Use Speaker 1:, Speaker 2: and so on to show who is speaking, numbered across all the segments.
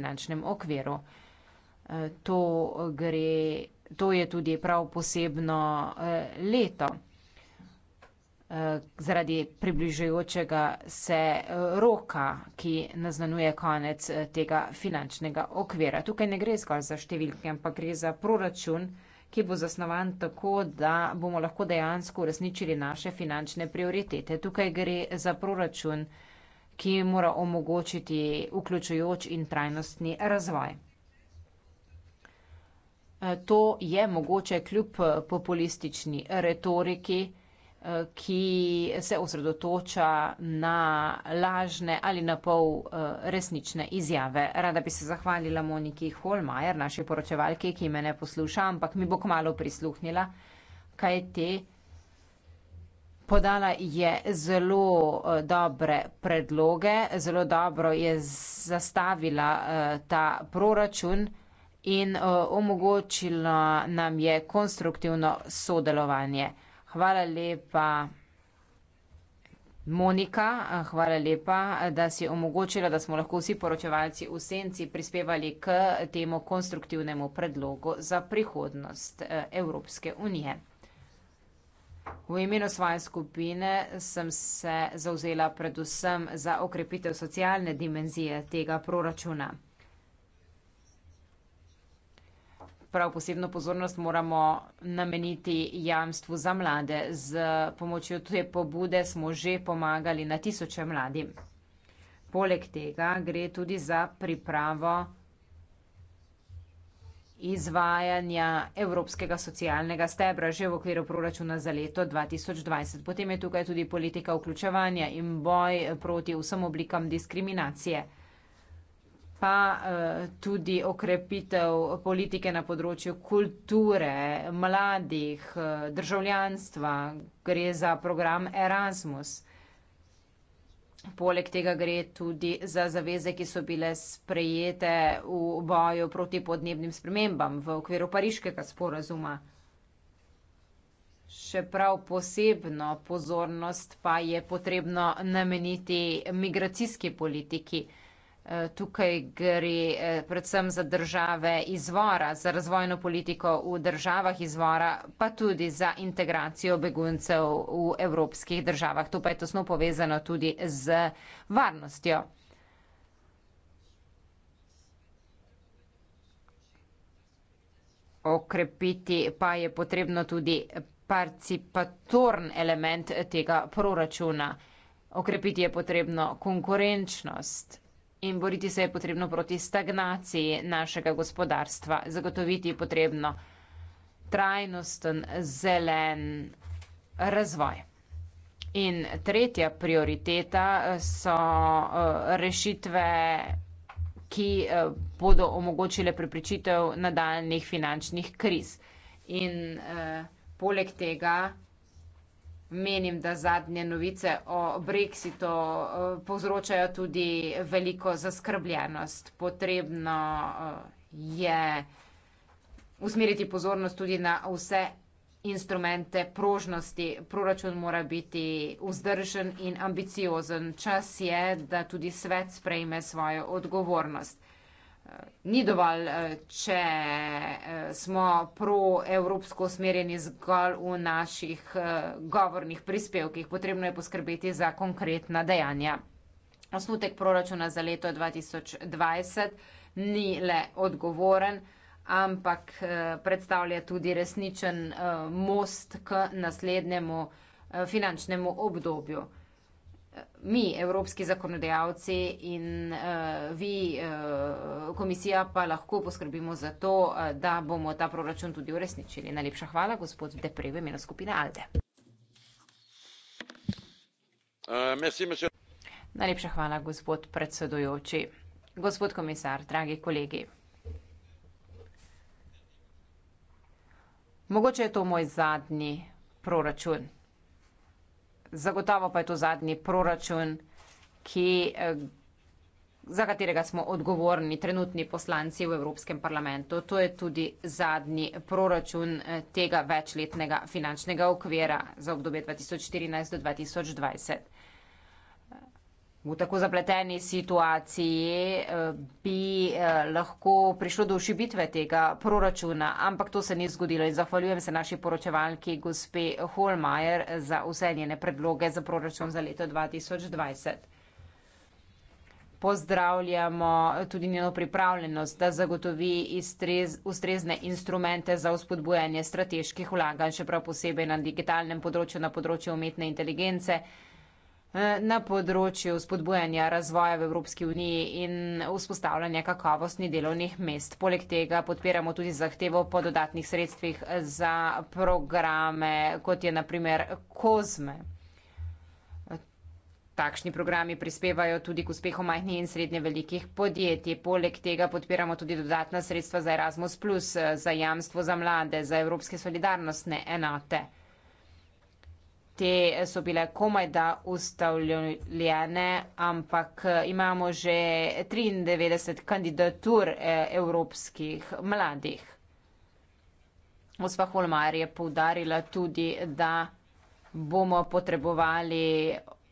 Speaker 1: finančnem okviru. E, to, gre, to je tudi prav posebno e, leto e, zaradi približujočega se roka, ki naznanuje konec tega finančnega okvira. Tukaj ne gre zgolj za številke, ampak gre za proračun, ki bo zasnovan tako, da bomo lahko dejansko uresničili naše finančne prioritete. Tukaj gre za proračun, ki mora omogočiti vključujoč in trajnostni razvoj. E, to je mogoče kljub e, populistični retoriki, e, ki se osredotoča na lažne ali na pol resnične izjave. Rada bi se zahvalila Moniki Holmajer, naši poročevalki, ki me ne posluša, ampak mi bo kmalo prisluhnila, kaj te. Podala je zelo eh, dobre predloge, zelo dobro je zastavila eh, ta proračun in eh, omogočila nam je konstruktivno sodelovanje. Hvala lepa, Monika, hvala lepa, da si omogočila, da smo lahko vsi poročevalci v senci prispevali k temu konstruktivnemu predlogu za prihodnost Evropske unije. V imenu svoje skupine sem se zauzela predvsem za okrepitev socialne dimenzije tega proračuna. Prav posebno pozornost moramo nameniti jamstvu za mlade. Z pomočjo te pobude smo že pomagali na tisoče mladim. Poleg tega gre tudi za pripravo izvajanja Evropskega socialnega stebra že v okviru proračuna za leto 2020. Potem je tukaj tudi politika vključevanja in boj proti vsem oblikam diskriminacije pa eh, tudi okrepitev politike na področju kulture, mladih, eh, državljanstva. Gre za program Erasmus. Poleg tega gre tudi za zaveze, ki so bile sprejete v boju proti podnebnim spremembam v okviru pariškega sporazuma. Še prav posebno pozornost pa je potrebno nameniti migracijski politiki. Tukaj gre eh, predvsem za države izvora, za razvojno politiko v državah izvora, pa tudi za integracijo beguncev v evropskih državah. To pa je tesno povezano tudi z varnostjo. Okrepiti pa je potrebno tudi participatorn element tega proračuna. Okrepiti je potrebno konkurenčnost in boriti se je potrebno proti stagnaciji našega gospodarstva, zagotoviti je potrebno trajnosten zelen razvoj. In tretja prioriteta eh, so eh, rešitve, ki eh, bodo omogočile prepričitev nadaljnih finančnih kriz. In eh, poleg tega menim, da zadnje novice o brexitu eh, povzročajo tudi veliko zaskrbljenost. Potrebno eh, je usmeriti pozornost tudi na vse instrumente prožnosti. Proračun mora biti vzdržen in ambiciozen. Čas je, da tudi svet sprejme svojo odgovornost ni dovolj, eh, če eh, smo proevropsko usmerjeni zgolj v naših eh, govornih prispevkih. Potrebno je poskrbeti za konkretna dejanja. Osnutek proračuna za leto 2020 ni le odgovoren, ampak predstavlja tudi resničen most k naslednjemu finančnemu obdobju mi, evropski zakonodajalci in uh, vi, uh, komisija, pa lahko poskrbimo za to, uh, da bomo ta proračun tudi uresničili. Najlepša hvala, gospod Deprej, v imenu skupine Alde.
Speaker 2: Uh,
Speaker 1: Najlepša hvala, gospod predsedujoči. Gospod komisar, dragi kolegi. Mogoče je to moj zadnji proračun. Zagotovo pa je to zadnji proračun, ki, eh, za katerega smo odgovorni trenutni poslanci v Evropskem parlamentu. To je tudi zadnji proračun eh, tega večletnega finančnega okvira za obdobje 2014 do 2020 v tako zapleteni situaciji eh, bi eh, lahko prišlo do ošibitve tega proračuna, ampak to se ni zgodilo in zahvaljujem se naši poročevalki gospe Holmajer za vse njene predloge za proračun za leto 2020. Pozdravljamo tudi njeno pripravljenost, da zagotovi istrez, ustrezne instrumente za uspodbujanje strateških vlaganj, še prav posebej na digitalnem področju, na področju umetne inteligence. Eh, na področju spodbujanja razvoja v Evropski uniji in vzpostavljanja kakovostnih delovnih mest. Poleg tega podpiramo tudi zahtevo po dodatnih sredstvih za programe, kot je naprimer COSME. Takšni programi prispevajo tudi k uspehu majhnih in srednje velikih podjetij. Poleg tega podpiramo tudi dodatna sredstva za Erasmus, za jamstvo za mlade, za evropske solidarnostne enote te so bile komaj da ustavljene, ampak eh, imamo že 93 kandidatur eh, evropskih mladih. Osva Holmar je poudarila tudi, da bomo potrebovali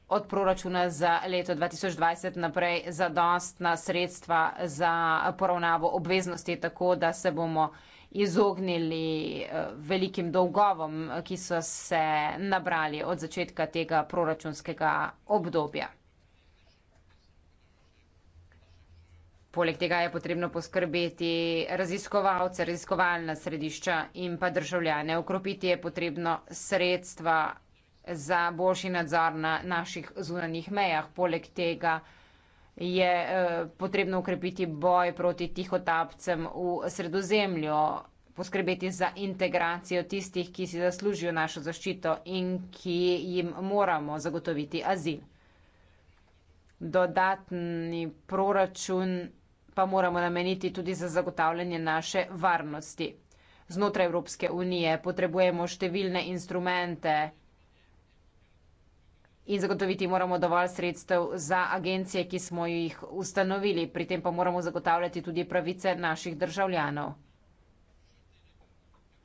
Speaker 1: od proračuna za leto 2020 naprej zadostna sredstva za poravnavo obveznosti, tako da se bomo izognili eh, velikim dolgovom, eh, ki so se nabrali od začetka tega proračunskega obdobja. Poleg tega je potrebno poskrbeti raziskovalce, raziskovalna središča in pa državljane. Okropiti je potrebno sredstva za boljši nadzor na naših zunanjih mejah. Poleg tega je eh, potrebno ukrepiti boj proti tihotapcem v sredozemlju, poskrbeti za integracijo tistih, ki si zaslužijo našo zaščito in ki jim moramo zagotoviti azil. Dodatni proračun pa moramo nameniti tudi za zagotavljanje naše varnosti. Znotraj Evropske unije potrebujemo številne instrumente, in zagotoviti moramo dovolj sredstev za agencije, ki smo jih ustanovili. Pri tem pa moramo zagotavljati tudi pravice naših državljanov.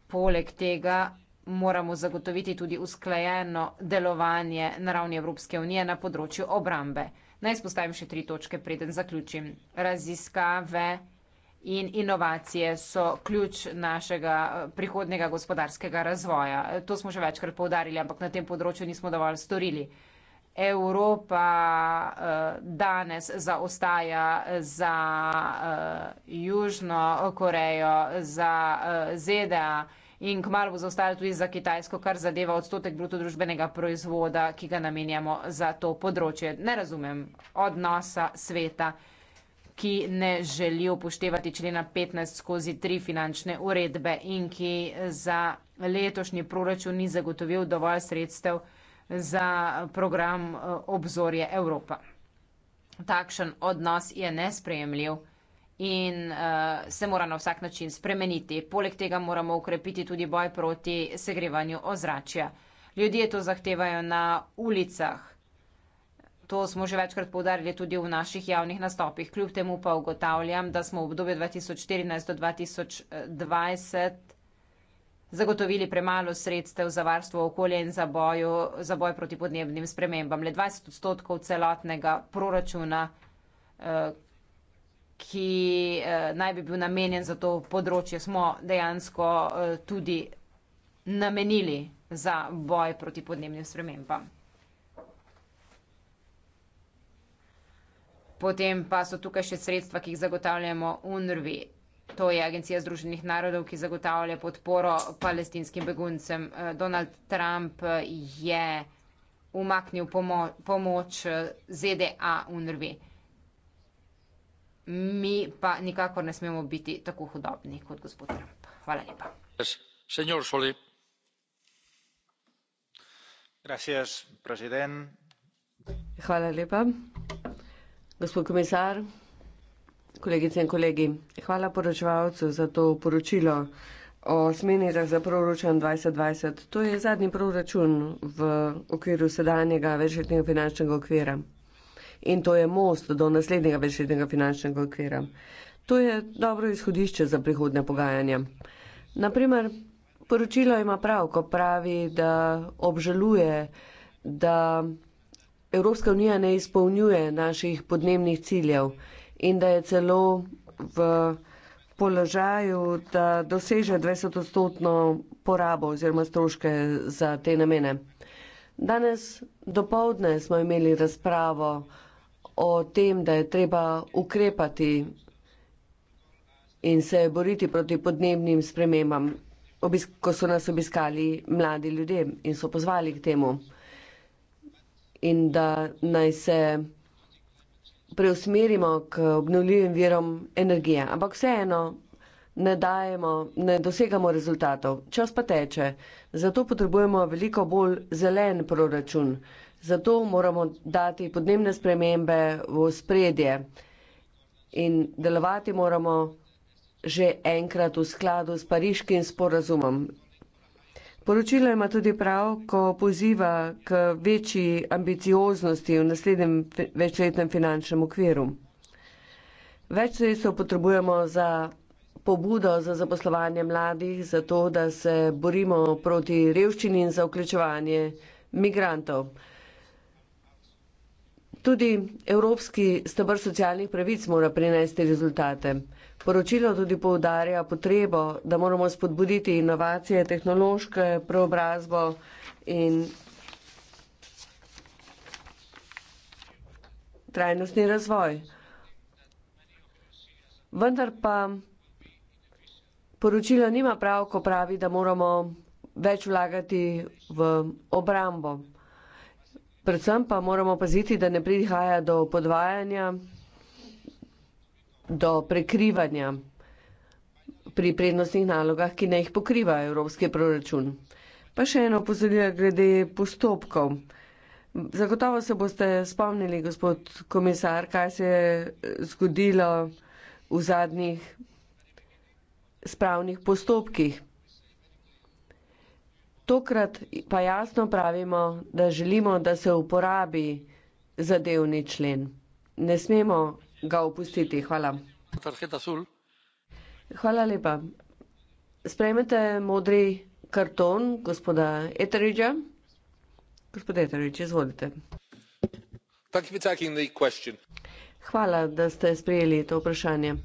Speaker 1: Poleg tega moramo zagotoviti tudi usklajeno delovanje na ravni Evropske unije na področju obrambe. Naj izpostavim še tri točke, preden zaključim. Raziskave in inovacije so ključ našega eh, prihodnega gospodarskega razvoja. To smo že večkrat poudarili, ampak na tem področju nismo dovolj storili. Evropa eh, danes zaostaja za eh, Južno Korejo, za eh, ZDA in kmalo bo zaostala tudi za Kitajsko, kar zadeva odstotek brutodružbenega proizvoda, ki ga namenjamo za to področje. Ne razumem odnosa sveta, ki ne želi upoštevati člena 15 skozi tri finančne uredbe in ki za letošnji proračun ni zagotovil dovolj sredstev za program eh, Obzorje Evropa. Takšen odnos je nesprejemljiv in uh, se mora na vsak način spremeniti. Poleg tega moramo ukrepiti tudi boj proti segrevanju ozračja. Ljudje to zahtevajo na ulicah. To smo že večkrat povdarili tudi v naših javnih nastopih. Kljub temu pa ugotavljam, da smo v obdobju 2014 do 2020 zagotovili premalo sredstev za varstvo okolja in za, boju, za boj proti podnebnim spremembam. Le 20 odstotkov celotnega proračuna, eh, ki eh, naj bi bil namenjen za to področje, smo dejansko eh, tudi namenili za boj proti podnebnim spremembam. Potem pa so tukaj še sredstva, ki jih zagotavljamo UNRVI. To je agencija Združenih narodov, ki zagotavlja podporo palestinskim beguncem. Eh, Donald Trump eh, je umaknil pomo pomoč eh, ZDA UNRVI. Mi pa nikakor ne smemo biti tako hudobni kot gospod Trump. Hvala lepa.
Speaker 2: Hvala lepa. Gospod komisar, kolegice in kolegi. Hvala poročevalcu za to poročilo o smenirah za proračun 2020. To je zadnji proračun v okviru sedanjega večletnega finančnega okvira. In to je most do naslednjega večletnega finančnega okvira. To je dobro izhodišče za prihodne pogajanja. Naprimer, poročilo ima prav, ko pravi, da obžaluje, da Evropska unija ne izpolnjuje naših podnebnih ciljev in da je celo v položaju, da doseže 20-odstotno porabo oziroma stroške za te namene. Danes do povdne smo imeli razpravo o tem, da je treba ukrepati in se boriti proti podnebnim spremembam, ko so nas obiskali mladi ljudje in so pozvali k temu. In da naj se preusmerimo k obnovljivim virom energije. Ampak vseeno ne dajemo, ne dosegamo rezultatov. Čas pa teče. Zato potrebujemo veliko bolj zelen proračun. Zato moramo dati podnebne spremembe v spredje in delovati moramo že enkrat v skladu s pariškim sporazumom. Poročilo ima tudi prav, ko poziva k večji ambicioznosti v naslednjem večletnem finančnem okviru. Več sredstev potrebujemo za pobudo za zaposlovanje mladih, za to, da se borimo proti revščini in za vključevanje migrantov. Tudi Evropski stebr socialnih pravic mora prinesti rezultate. Poročilo tudi poudarja potrebo, da moramo spodbuditi inovacije, tehnološke preobrazbo in trajnostni razvoj. Vendar pa poročilo nima prav, ko pravi, da moramo več vlagati v obrambo. Predvsem pa moramo paziti, da ne prihaja do podvajanja do prekrivanja pri prednostnih nalogah, ki ne jih pokriva evropski proračun. Pa še eno pozorilo glede postopkov. Zagotovo se boste spomnili, gospod komisar, kaj se je zgodilo v zadnjih spravnih postopkih. Tokrat pa jasno pravimo, da želimo, da se uporabi zadevni člen. Ne smemo ga opustiti. Hvala. Hvala lepa. Sprejmete modri karton gospoda Eteridža. Gospod Eterič, izvolite.
Speaker 3: Thank you for taking the question.
Speaker 2: Hvala, da ste sprejeli to vprašanje.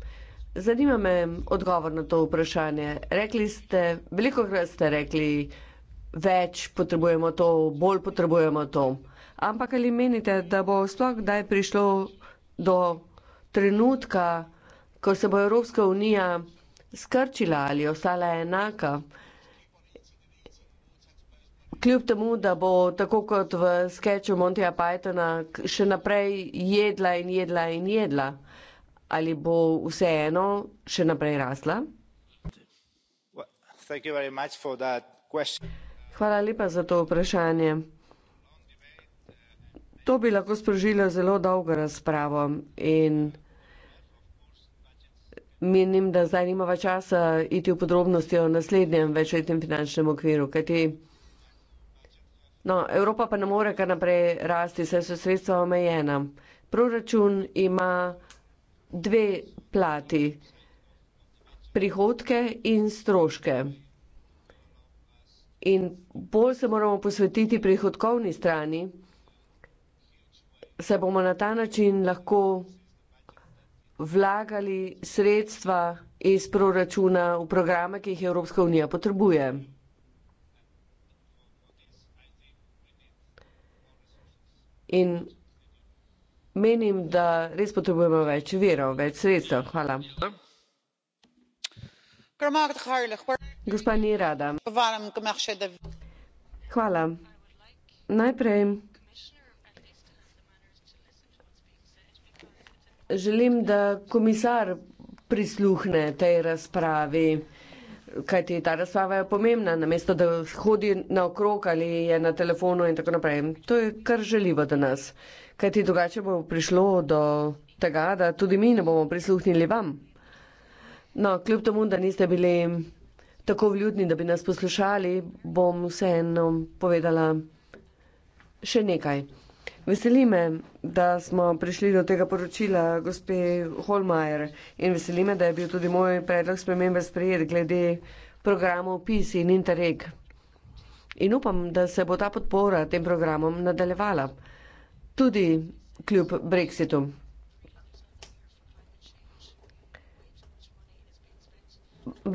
Speaker 2: Zanima me odgovor na to vprašanje. Rekli ste, veliko krat ste rekli, več potrebujemo to, bolj potrebujemo to. Ampak ali menite, da bo sploh kdaj prišlo do trenutka, ko se bo Evropska unija skrčila ali ostala enaka, kljub temu, da bo tako kot v sketchu Monteja Pythona še naprej jedla in jedla in jedla, ali bo vseeno še naprej rasla? Hvala lepa za to vprašanje. To bi lahko sprožilo zelo dolgo razpravo in Menim, da zdaj nimava časa iti v podrobnosti o naslednjem večletnem finančnem okviru, kajti no, Evropa pa ne more kar naprej rasti, saj so sredstva omejena. Proračun ima dve plati, prihodke in stroške. In bolj se moramo posvetiti prihodkovni strani, se bomo na ta način lahko vlagali sredstva iz proračuna v programe, ki jih Evropska unija potrebuje. In menim, da res potrebujemo več virov, več sredstev. Hvala. Gospa ni rada. Hvala. Najprej želim, da komisar prisluhne tej razpravi, kajti ta razprava je pomembna, namesto da hodi naokrog ali je na telefonu in tako naprej. To je kar želivo do nas, kajti drugače bo prišlo do tega, da tudi mi ne bomo prisluhnili vam. No, kljub temu, da niste bili tako vljudni, da bi nas poslušali, bom vseeno povedala še nekaj. Veseli me, da smo prišli do tega poročila, gospe Holmajer, in veseli me, da je bil tudi moj predlog spremembe sprejet glede programov PIS in Interreg. In upam, da se bo ta podpora tem programom nadaljevala, tudi kljub Brexitu.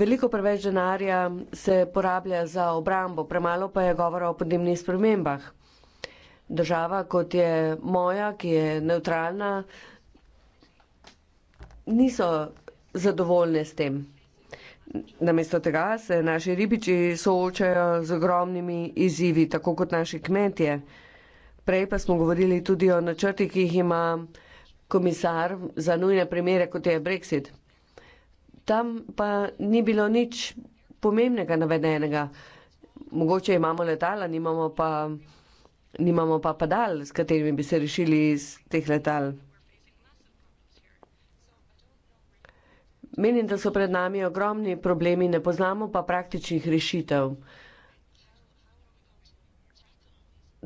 Speaker 2: Veliko preveč denarja se porablja za obrambo, premalo pa je govora o podnebnih spremembah država, kot je moja, ki je neutralna, niso zadovoljne s tem. Namesto tega se naši ribiči soočajo z ogromnimi izzivi, tako kot naši kmetje. Prej pa smo govorili tudi o načrti, ki jih ima komisar za nujne primere, kot je Brexit. Tam pa ni bilo nič pomembnega navedenega. Mogoče imamo letala, nimamo pa nimamo pa padal, s katerimi bi se rešili iz teh letal. Menim, da so pred nami ogromni problemi, ne poznamo pa praktičnih rešitev.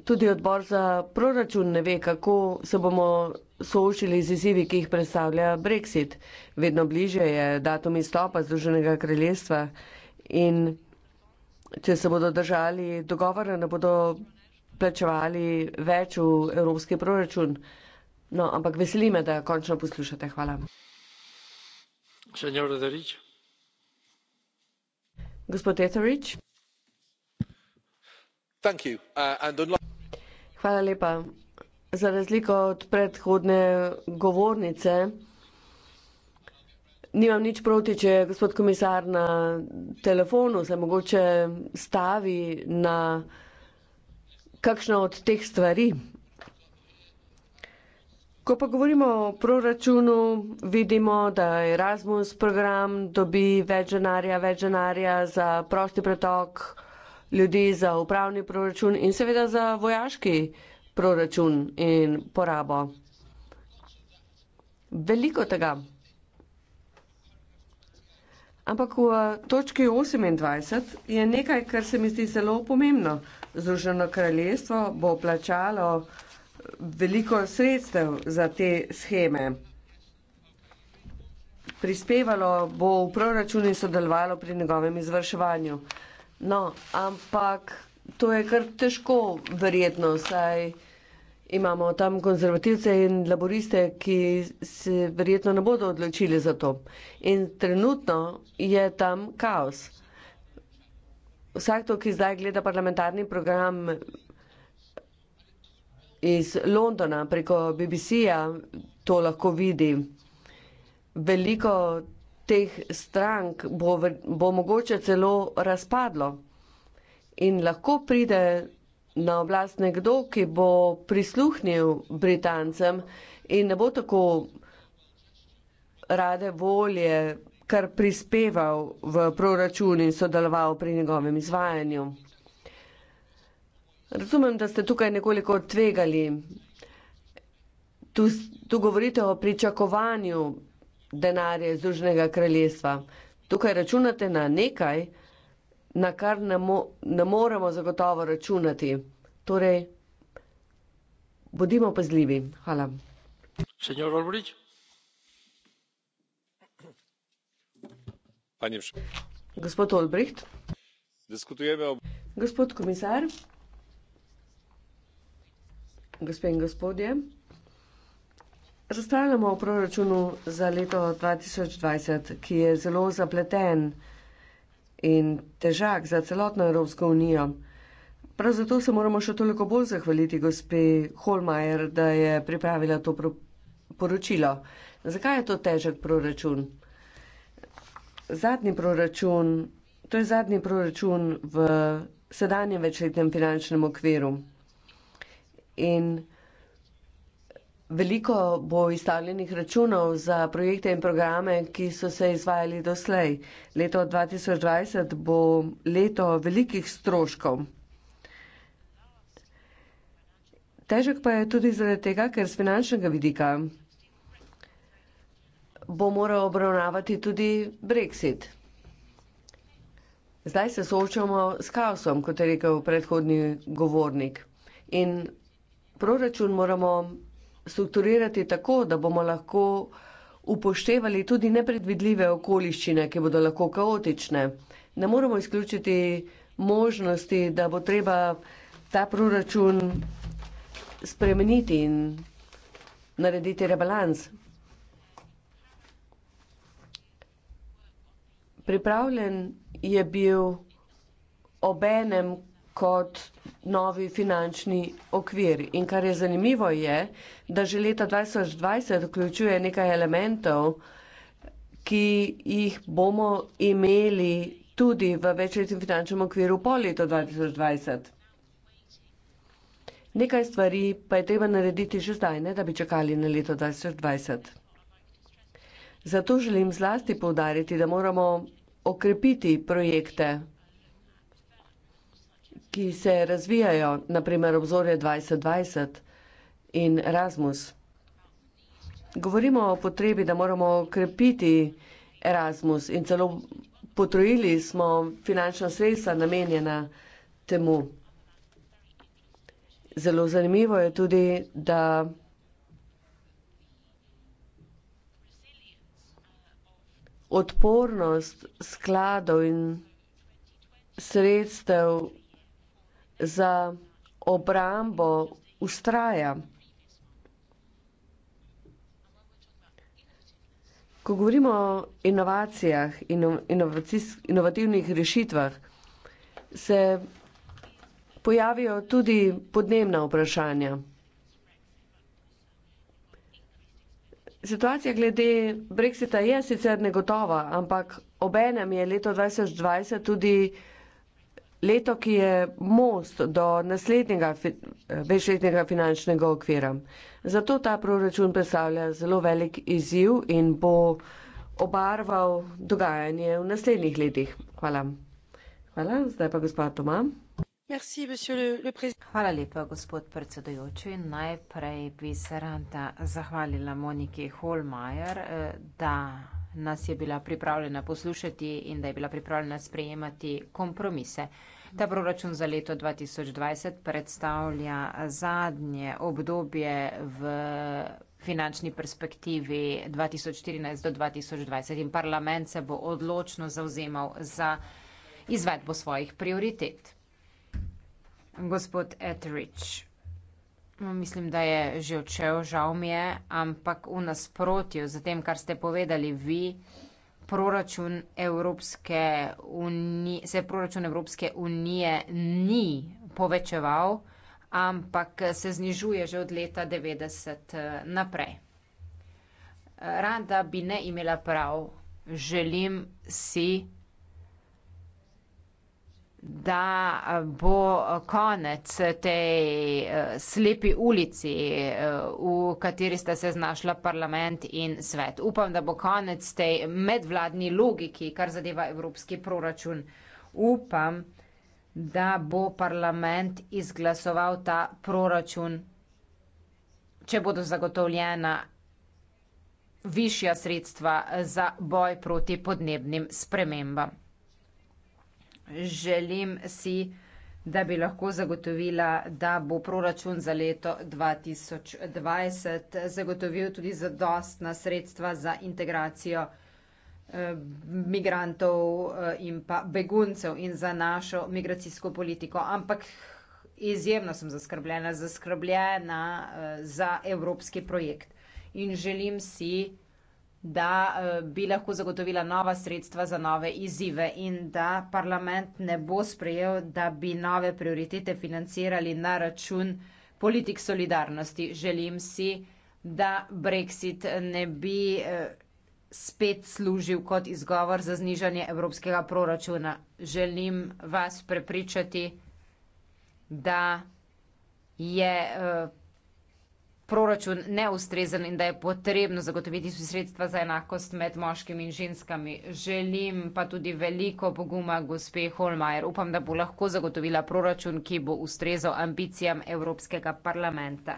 Speaker 2: Tudi odbor za proračun ne ve, kako se bomo soočili z izzivi, ki jih predstavlja Brexit. Vedno bliže je datum izstopa Združenega kraljestva in če se bodo držali dogovora, ne bodo plačevali več v evropski proračun. No, ampak veseli me, da končno poslušate. Hvala.
Speaker 3: Senjor Rodarič.
Speaker 2: Gospod Etarič.
Speaker 3: Uh,
Speaker 2: Hvala lepa. Za razliko od predhodne govornice, nimam nič proti, če je gospod komisar na telefonu, se mogoče stavi na kakšna od teh stvari. Ko pa govorimo o proračunu, vidimo, da Erasmus program dobi več denarja, več denarja za prosti pretok ljudi, za upravni proračun in seveda za vojaški proračun in porabo. Veliko tega. Ampak v točki 28 je nekaj, kar se mi zdi zelo pomembno. Združeno kraljestvo bo plačalo veliko sredstev za te scheme. Prispevalo bo v proračun in sodelovalo pri njegovem izvrševanju. No, ampak to je kar težko, verjetno, saj imamo tam konzervativce in laboriste, ki se verjetno ne bodo odločili za to. In trenutno je tam kaos vsak to, ki zdaj gleda parlamentarni program iz Londona preko BBC-ja, to lahko vidi. Veliko teh strank bo, bo mogoče celo razpadlo in lahko pride na oblast nekdo, ki bo prisluhnil Britancem in ne bo tako rade volje kar prispeval v proračun in sodeloval pri njegovem izvajanju. Razumem, da ste tukaj nekoliko tvegali. Tu, tu govorite o pričakovanju denarja iz Združenega kraljestva. Tukaj računate na nekaj, na kar ne, mo ne moremo zagotovo računati. Torej, bodimo pazljivi. Hvala.
Speaker 3: Senor Olbrich. panie
Speaker 2: przewodniczący! gospod komisar gospe in gospodje! razpravljamo o proračunu za leto dva tisoč dvajset ki je zelo zapleten in težak za celotno evropsko unijo. prav zato se moramo še toliko bolj zahvaliti gospe hohlmeier da je pripravila to poročilo. zakaj je to težek proračun? zadnji proračun, to je zadnji proračun v sedanjem večletnem finančnem okviru. In veliko bo izstavljenih računov za projekte in programe, ki so se izvajali doslej. Leto 2020 bo leto velikih stroškov. Težek pa je tudi zaradi tega, ker z finančnega vidika bo moral obravnavati tudi Brexit. Zdaj se soočamo s kaosom, kot je rekel predhodni govornik. In proračun moramo strukturirati tako, da bomo lahko upoštevali tudi nepredvidljive okoliščine, ki bodo lahko kaotične. Ne moremo izključiti možnosti, da bo treba ta proračun spremeniti in narediti rebalans. pripravljen je bil obenem kot novi finančni okvir. In kar je zanimivo je, da že leta 2020 vključuje nekaj elementov, ki jih bomo imeli tudi v večletnem finančnem okviru po letu 2020. Nekaj stvari pa je treba narediti že zdaj, ne da bi čakali na leto 2020. Zato želim zlasti povdariti, da moramo okrepiti projekte, ki se razvijajo, naprimer obzorje 2020 in Erasmus. Govorimo o potrebi, da moramo okrepiti Erasmus in celo potrojili smo finančna sredstva namenjena temu. Zelo zanimivo je tudi, da. odpornost skladov in sredstev za obrambo ustraja. Ko govorimo o inovacijah in inovativnih rešitvah, se pojavijo tudi podnebna vprašanja. Situacija glede Brexita je sicer negotova, ampak obenem je leto 2020 tudi leto, ki je most do naslednjega večletnega finančnega okvira. Zato ta proračun predstavlja zelo velik izziv in bo obarval dogajanje v naslednjih letih. Hvala. Hvala, zdaj pa gospod Tomam.
Speaker 1: Hvala lepa, gospod predsedujoči. Najprej bi se rada zahvalila Moniki Holmajer, eh, da nas je bila pripravljena poslušati in da je bila pripravljena sprejemati kompromise. Ta proračun za leto 2020 predstavlja zadnje obdobje v finančni perspektivi 2014 do 2020 in parlament se bo odločno zauzemal za izvedbo svojih prioritet gospod Etrič. No, mislim, da je že odšel, žal mi je, ampak v nasprotju z tem, kar ste povedali vi, proračun Evropske unije, se proračun Evropske unije ni povečeval, ampak se znižuje že od leta 90 eh, naprej. Rada bi ne imela prav, želim si da eh, bo eh, konec tej eh, slepi ulici, v kateri sta se znašla parlament in svet. Upam, da bo konec tej medvladni logiki, kar zadeva evropski proračun. Upam, da bo parlament izglasoval ta proračun, če bodo zagotovljena višja sredstva za boj proti podnebnim spremembam želim si, da bi lahko zagotovila, da bo proračun za leto 2020 zagotovil tudi zadostna sredstva za integracijo eh, migrantov eh, in pa beguncev in za našo migracijsko politiko. Ampak izjemno sem zaskrbljena, zaskrbljena eh, za evropski projekt in želim si, da eh, bi lahko zagotovila nova sredstva za nove izzive in da parlament ne bo sprejel, da bi nove prioritete financirali na račun politik solidarnosti. Želim si, da Brexit ne bi eh, spet služil kot izgovor za znižanje evropskega proračuna. Želim vas prepričati, da je eh, proračun neustrezen in da je potrebno zagotoviti sredstva za enakost med moškimi in ženskami. Želim pa tudi veliko poguma gospe Holmajer. Upam, da bo lahko zagotovila proračun, ki bo ustrezal ambicijam Evropskega parlamenta.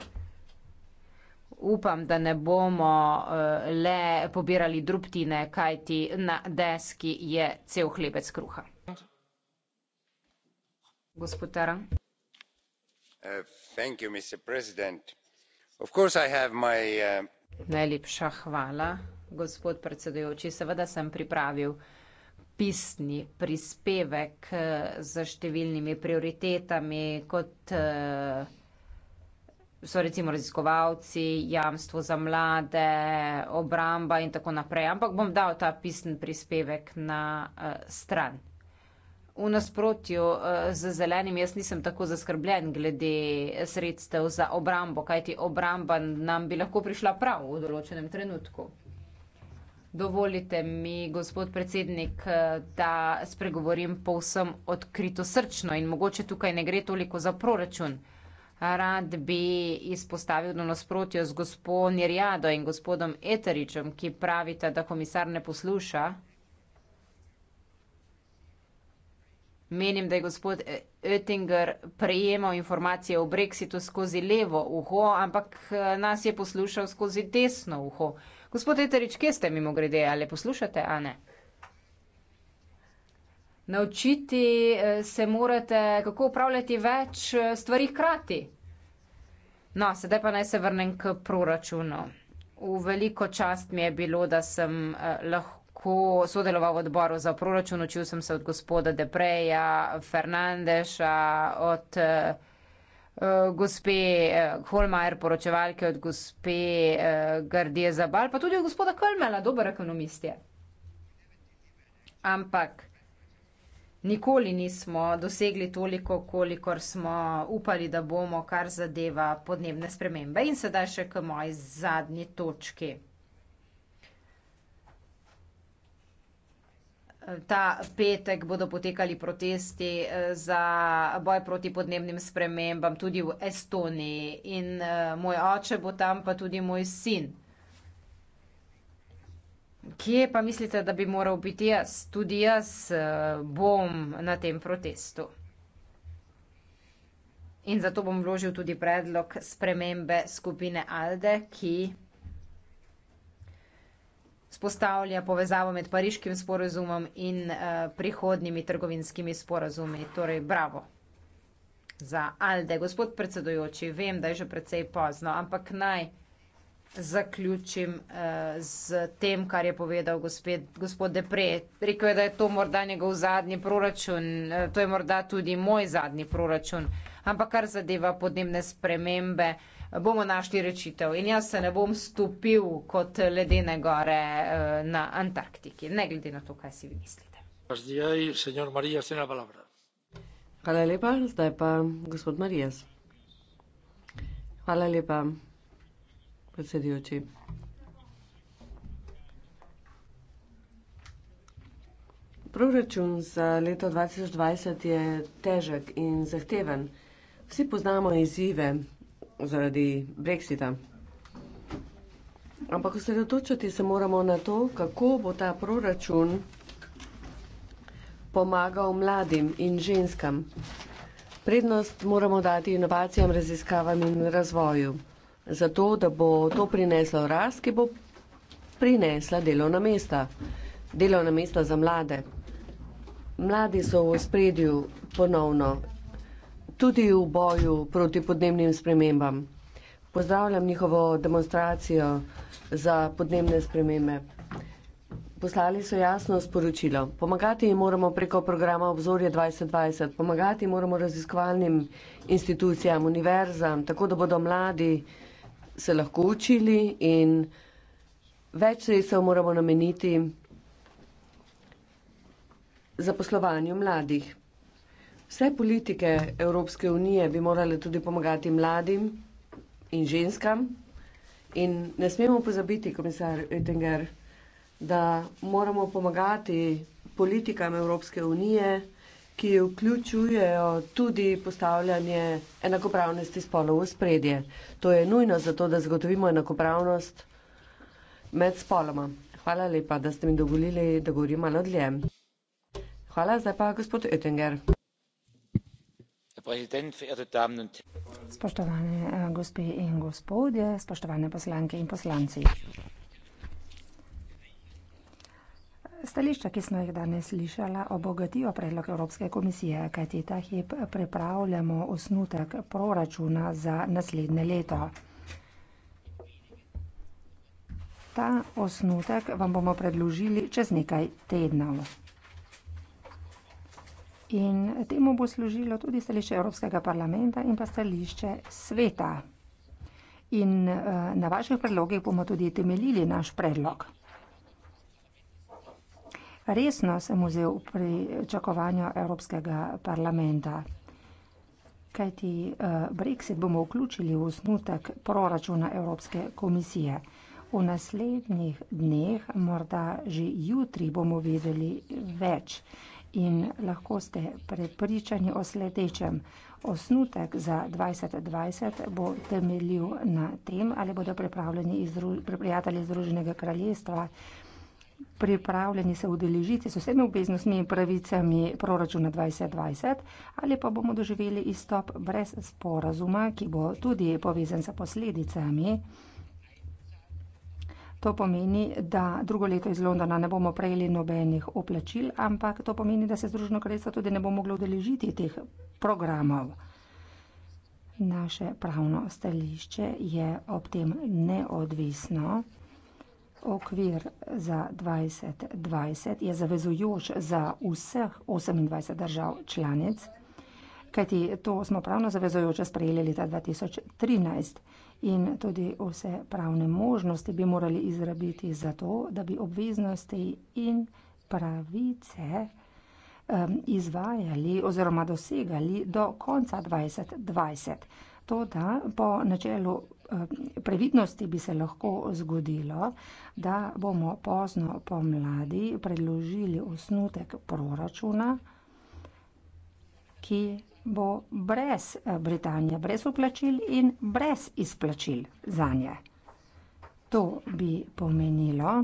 Speaker 1: Upam, da ne bomo eh, le pobirali drobtine, kajti na deski je cel hlebec kruha. Gospod Taran.
Speaker 3: Uh, eh, thank you, Mr. President. Uh, Uh,
Speaker 1: Najlepša hvala, gospod predsedujoči. Seveda sem pripravil pisni prispevek eh, s številnimi prioritetami, kot eh, so recimo raziskovalci, jamstvo za mlade, obramba in tako naprej, ampak bom dal ta pisni prispevek na eh, stran v nasprotju eh, z zelenim, jaz nisem tako zaskrbljen glede sredstev za obrambo, kajti obramba nam bi lahko prišla prav v določenem trenutku. Dovolite mi, gospod predsednik, eh, da spregovorim povsem odkrito srčno in mogoče tukaj ne gre toliko za proračun. Rad bi izpostavil do nasprotja z gospodom Nirjado in gospodom Eteričem, ki pravita, da komisar ne posluša. Menim, da je gospod Oettinger prejemal informacije o brexitu skozi levo uho, ampak eh, nas je poslušal skozi desno uho. Gospod Eterič, kje ste mimo grede, ali poslušate, a ne? Naučiti eh, se morate, kako upravljati več eh, stvari hkrati. No, sedaj pa naj se vrnem k proračunu. V veliko čast mi je bilo, da sem lahko ko sodeloval v odboru za proračun, učil sem se od gospoda Depreja, Fernandeša, od eh, gospe eh, Holmajer, poročevalke od gospe eh, Gardije Zabal, pa tudi od gospoda Kölmela, dober ekonomist je. Ampak nikoli nismo dosegli toliko, kolikor smo upali, da bomo, kar zadeva podnebne spremembe. In sedaj še k moji zadnji točki. ta petek bodo potekali protesti eh, za boj proti podnebnim spremembam tudi v Estoniji in eh, moj oče bo tam pa tudi moj sin. Kje pa mislite, da bi moral biti jaz? Tudi jaz eh, bom na tem protestu. In zato bom vložil tudi predlog spremembe skupine Alde, ki spostavlja povezavo med pariškim sporozumom in uh, prihodnjimi trgovinskimi sporozumi. Torej, bravo za Alde. Gospod predsedujoči, vem, da je že precej pozno, ampak naj zaključim uh, eh, z tem, kar je povedal gospod, gospod Depre. Rekel je, da je to morda njegov zadnji proračun, uh, to je morda tudi moj zadnji proračun, ampak kar zadeva podnebne spremembe. Uh, bomo našli rečitev. In jaz se ne bom stopil kot ledene gore eh, na Antarktiki, ne glede na to, kaj si
Speaker 3: vi mislite.
Speaker 2: Hvala lepa, zdaj pa gospod Marijas. Hvala lepa, predsedujoči. Proračun za leto 2020 je težek in zahteven. Vsi poznamo izzive, zaradi brexita. Ampak osredotočiti se moramo na to, kako bo ta proračun pomagal mladim in ženskam. Prednost moramo dati inovacijam, raziskavam in razvoju, zato da bo to prineslo rast, ki bo prinesla delovna mesta, delovna mesta za mlade. Mladi so v spredju ponovno tudi v boju proti podnebnim spremembam. Pozdravljam njihovo demonstracijo za podnebne spremembe. Poslali so jasno sporočilo. Pomagati jim moramo preko programa Obzorje 2020, pomagati moramo raziskovalnim institucijam, univerzam, tako da bodo mladi se lahko učili in več sredstev moramo nameniti zaposlovanju mladih. Vse politike Evropske unije bi morale tudi pomagati mladim in ženskam. In ne smemo pozabiti, komisar Ettinger, da moramo pomagati politikam Evropske unije, ki vključujejo tudi postavljanje enakopravnosti spolov v spredje. To je nujno zato, da zagotovimo enakopravnost med spoloma. Hvala lepa, da ste mi dovolili, da govorim malo dlje. Hvala, zdaj pa gospod Ettinger.
Speaker 4: Spoštovane, eh, gospe in gospodje, spoštovane poslanke in poslanci. Stališča, ki smo jih danes slišala, obogatijo predlog Evropske komisije, kajti ta hip pripravljamo osnutek proračuna za naslednje leto. Ta osnutek vam bomo predložili čez nekaj tednov. In temu bo služilo tudi stališče Evropskega parlamenta in pa stališče sveta. In eh, na vaših predlogih bomo tudi temeljili naš predlog. Resno sem vzel pri čakovanju Evropskega parlamenta, kajti eh, Brexit bomo vključili v osnutek proračuna Evropske komisije. V naslednjih dneh, morda že jutri, bomo videli več in lahko ste prepričani o sledečem. Osnutek za dvajset dvajset bo temeljil na tem, ali bodo pripravljeni izru, prijatelji Združenega kraljestva pripravljeni se udeležiti s vsemi obveznostmi in pravicami proračuna 2020 ali pa bomo doživeli izstop brez sporazuma, ki bo tudi povezan s posledicami. To pomeni, da drugo leto iz Londona ne bomo prejeli nobenih oplačil, ampak to pomeni, da se Združeno kraljestvo tudi ne bo moglo udeležiti teh programov. Naše pravno stališče je ob tem neodvisno. Okvir za 2020 je zavezujoč za vseh 28 držav članic, kajti to smo pravno zavezujoče sprejeli leta 2013 in tudi vse pravne možnosti bi morali izrabiti za to, da bi obveznosti in pravice um, izvajali oziroma dosegali do konca 2020. To, da po načelu previdnosti bi se lahko zgodilo, da bomo pozno pomladi predložili osnutek proračuna, ki bo brez eh, Britanije, brez uplačil in brez izplačil za nje. To bi pomenilo,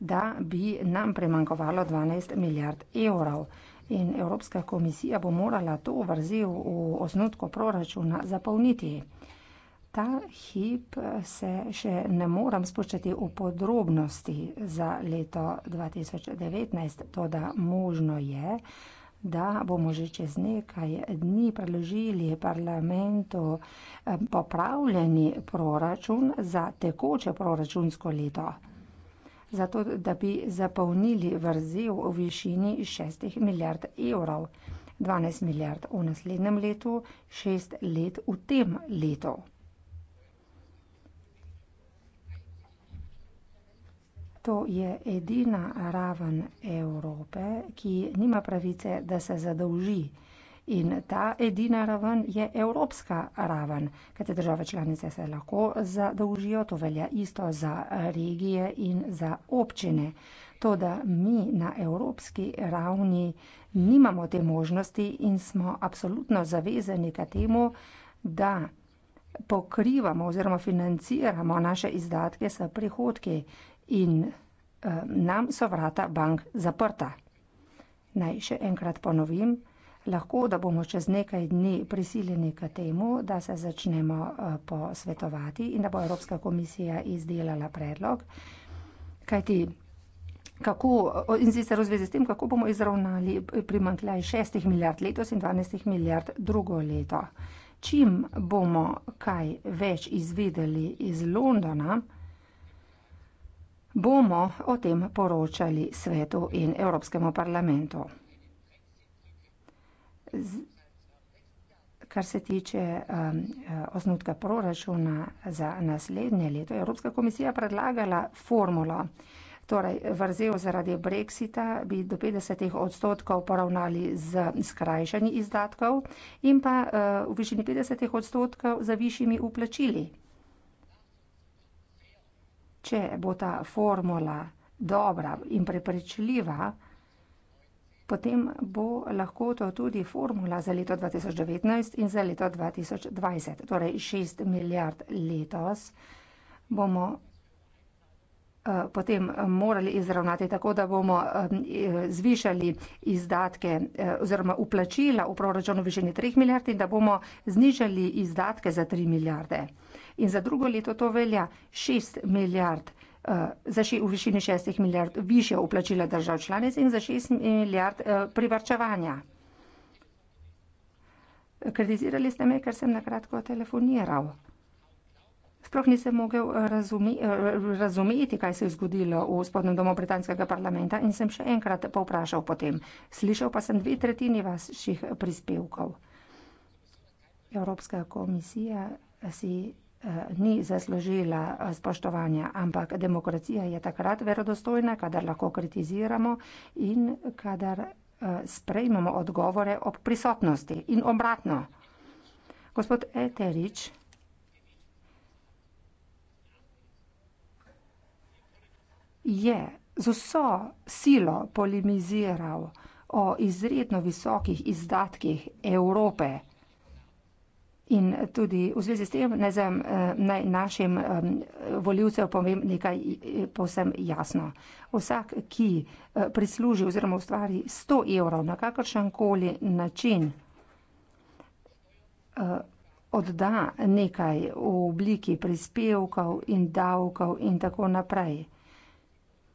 Speaker 4: da bi nam premankovalo 12 milijard evrov in Evropska komisija bo morala to vrzel v osnutko proračuna zapolniti. Ta hip eh, se še ne moram spuščati v podrobnosti za leto 2019, to da možno je, da bomo že čez nekaj dni predložili parlamentu eh, popravljeni proračun za tekoče proračunsko leto. Zato, da bi zapolnili vrzel v višini 6 milijard evrov, 12 milijard v naslednjem letu, 6 let v tem letu. NATO je edina raven Evrope, ki nima pravice, da se zadolži. In ta edina raven je evropska raven, kajte države članice se lahko zadolžijo, to velja isto za regije in za občine. To, da mi na evropski ravni nimamo te možnosti in smo absolutno zavezani ka temu, da pokrivamo oziroma financiramo naše izdatke s prihodki in eh, nam so vrata bank zaprta. Naj še enkrat ponovim, lahko da bomo čez nekaj dni prisiljeni k temu, da se začnemo eh, posvetovati in da bo Evropska komisija izdelala predlog, kajti kako, eh, in sicer v zvezi s tem, kako bomo izravnali primankljaj 6 milijard letos in 12 milijard drugo leto. Čim bomo kaj več izvedeli iz Londona, bomo o tem poročali svetu in Evropskemu parlamentu. Z, kar se tiče um, osnutka proračuna za naslednje leto, je Evropska komisija predlagala formulo. Torej, vrzel zaradi brexita bi do 50 odstotkov poravnali z skrajšanji izdatkov in pa uh, v višini 50 odstotkov za višjimi uplačili če bo ta formula dobra in preprečljiva, potem bo lahko to tudi formula za leto 2019 in za leto 2020. Torej 6 milijard letos bomo eh, potem morali izravnati tako, da bomo eh, zvišali izdatke eh, oziroma uplačila v proračunu v višini 3 milijard in da bomo znižali izdatke za 3 milijarde in za drugo leto to velja šest milijard. Eh, za še, v višini 6 milijard više uplačila držav članic in za 6 milijard eh, privrčevanja. Kritizirali ste me, ker sem nakratko telefoniral. Sploh nisem mogel eh, razume, razumeti, kaj se je zgodilo v spodnjem domu britanskega parlamenta in sem še enkrat povprašal potem. Slišal pa sem dve tretjini vaših prispevkov. Evropska komisija si Eh, ni zaslužila eh, spoštovanja, ampak demokracija je takrat verodostojna, kadar lahko kritiziramo in kadar eh, sprejmemo odgovore ob prisotnosti in obratno. Gospod Eterič, je z vso silo polemiziral o izredno visokih izdatkih Evrope In tudi v zvezi s tem ne zem, eh, naj našim eh, voljivcev povem nekaj eh, povsem jasno. Vsak, ki prisluži oziroma ustvari 100 evrov na kakršen koli način, odda nekaj v obliki prispevkov in davkov in tako naprej.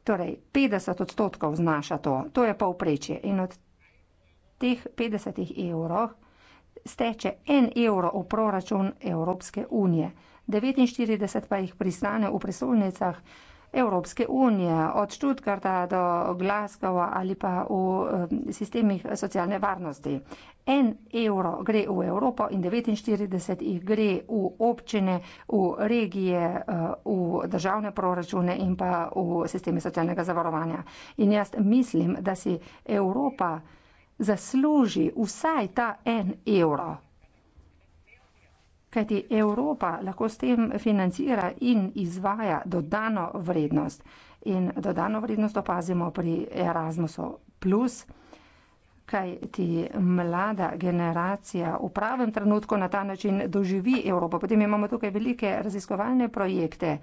Speaker 4: Torej, 50 odstotkov znaša to, to je pa vprečje. In od teh 50 evrov steče en evro v proračun Evropske unije, 49 pa jih pristane v prisolnicah Evropske unije, od Študkarta do Glasgow ali pa v eh, sistemih socialne varnosti. En evro gre v Evropo in 49 jih gre v občine, v regije, eh, v državne proračune in pa v sisteme socialnega zavarovanja. In jaz mislim, da si Evropa zasluži vsaj ta en evro. Kajti Evropa lahko s tem financira in izvaja dodano vrednost. In dodano vrednost opazimo pri Erasmusu. Plus, kaj ti mlada generacija v pravem trenutku na ta način doživi Evropo. Potem imamo tukaj velike raziskovalne projekte,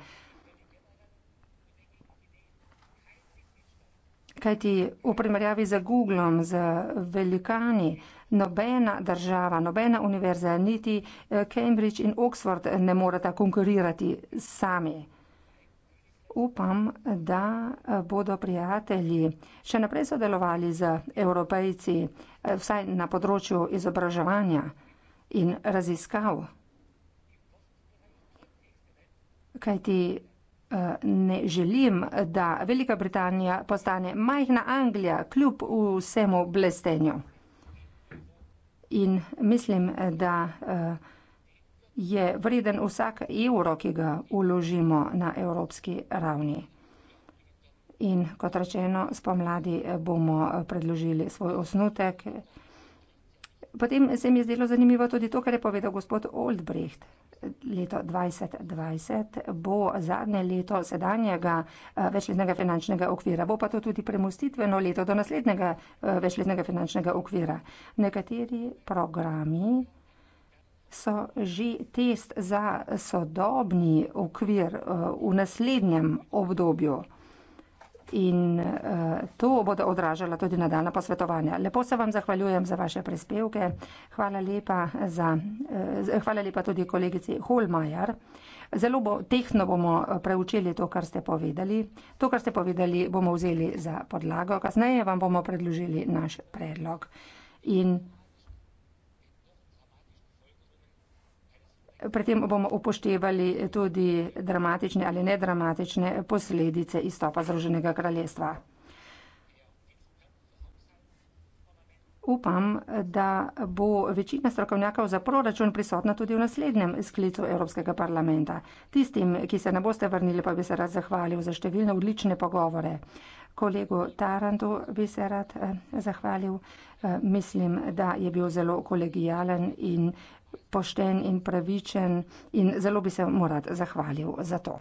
Speaker 4: kajti v primerjavi z Googlom, z velikani, nobena država, nobena univerza, niti eh, Cambridge in Oxford ne moreta konkurirati sami. Upam, da eh, bodo prijatelji še naprej sodelovali z evropejci, eh, vsaj na področju izobraževanja in raziskav. Kajti ne želim, da Velika Britanija postane majhna Anglija kljub vsemu blestenju. In mislim, da eh, je vreden vsak evro, ki ga uložimo na evropski ravni. In kot rečeno, spomladi eh, bomo eh, predložili svoj osnutek. Potem se mi je zdelo zanimivo tudi to, kar je povedal gospod Oldbrecht leto 2020 bo zadnje leto sedanjega eh, večletnega finančnega okvira. Bo pa to tudi premustitveno leto do naslednjega eh, večletnega finančnega okvira. Nekateri programi so že test za sodobni okvir eh, v naslednjem obdobju in uh, to bodo odražala tudi nadaljna posvetovanja. Lepo se vam zahvaljujem za vaše prispevke. Hvala lepa, za, uh, hvala lepa tudi kolegici Holmajer. Zelo bo, tehno bomo eh, preučili to, kar ste povedali. To, kar ste povedali, bomo vzeli za podlago. Kasneje vam bomo predložili naš predlog. In Pri tem bomo upoštevali tudi dramatične ali nedramatične posledice izstopa Združenega kraljestva. Upam, da bo večina strokovnjakov za proračun prisotna tudi v naslednjem sklicu Evropskega parlamenta. Tistim, ki se ne boste vrnili, pa bi se rad zahvalil za številne odlične pogovore. Kolegu Tarantu bi se rad eh, zahvalil. Eh, mislim, da je bil zelo kolegijalen in pošten in pravičen in zelo bi se mu rad zahvalil za to.